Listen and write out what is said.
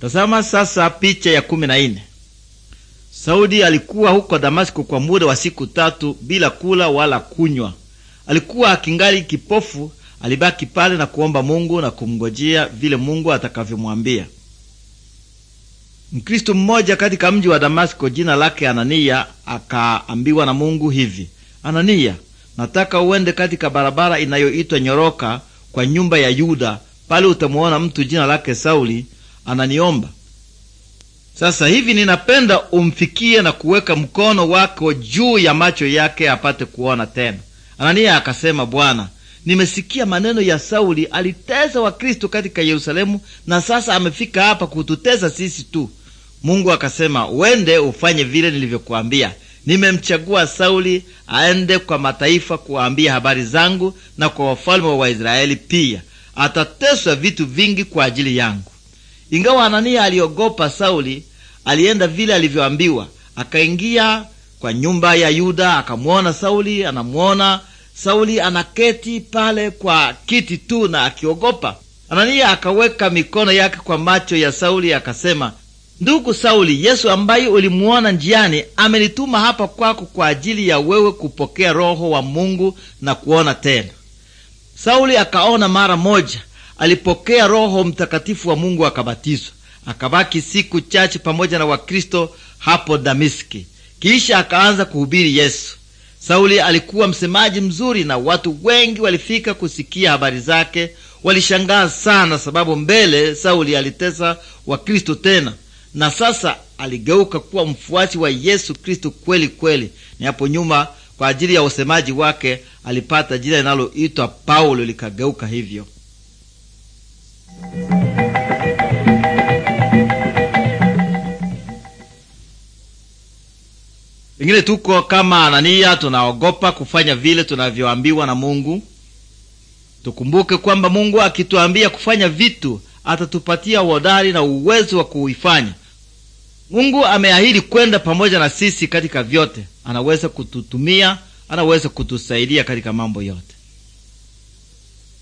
Tazama sasa picha ya kumi na Sauli alikuwa huko Damasko kwa muda wa siku tatu bila kula wala kunywa. Alikuwa akingali kipofu, alibaki pale na kuomba Mungu na kumgojea vile Mungu atakavyomwambia. Mkristo mmoja katika mji wa Damasko jina lake Anania akaambiwa na Mungu hivi: Anania, nataka uende katika barabara inayoitwa Nyoroka kwa nyumba ya Yuda, pale utamuona mtu jina lake Sauli ananiomba. Sasa hivi ninapenda umfikie na kuweka mkono wako juu ya macho yake apate kuona tena. Anania akasema, Bwana, nimesikia maneno ya Sauli, alitesa Wakristo katika Yerusalemu, na sasa amefika hapa kututesa sisi tu. Mungu akasema, wende ufanye vile nilivyokuambia. Nimemchagua Sauli aende kwa mataifa kuwaambia habari zangu na kwa wafalme wa Waisraeli pia. Atateswa vitu vingi kwa ajili yangu. Ingawa Anania aliogopa Sauli, alienda vile alivyoambiwa, akaingia kwa nyumba ya Yuda, akamwona Sauli anamwona Sauli anaketi pale kwa kiti tu na akiogopa. Anania akaweka mikono yake kwa macho ya Sauli akasema, ndugu Sauli, Yesu ambaye ulimuona njiani amenituma hapa kwako kwa ajili ya wewe kupokea Roho wa Mungu na kuona tena. Sauli akaona mara moja, alipokea Roho Mtakatifu wa Mungu akabatizwa. Akabaki siku chache pamoja na Wakristo hapo damiski kisha akaanza kuhubiri Yesu. Sauli alikuwa msemaji mzuri na watu wengi walifika kusikia habari zake. Walishangaa sana, sababu mbele Sauli alitesa Wakristo tena, na sasa aligeuka kuwa mfuasi wa Yesu Kristo kweli kweli. Ni hapo nyuma, kwa ajili ya usemaji wake, alipata jina linaloitwa Paulo, likageuka hivyo. Pengine tuko kama Anania, tunaogopa kufanya vile tunavyoambiwa na Mungu. Tukumbuke kwamba Mungu akituambia kufanya vitu atatupatia uhodari na uwezo wa kuifanya. Mungu ameahidi kwenda pamoja na sisi katika vyote. Anaweza kututumia, anaweza kutusaidia katika mambo yote.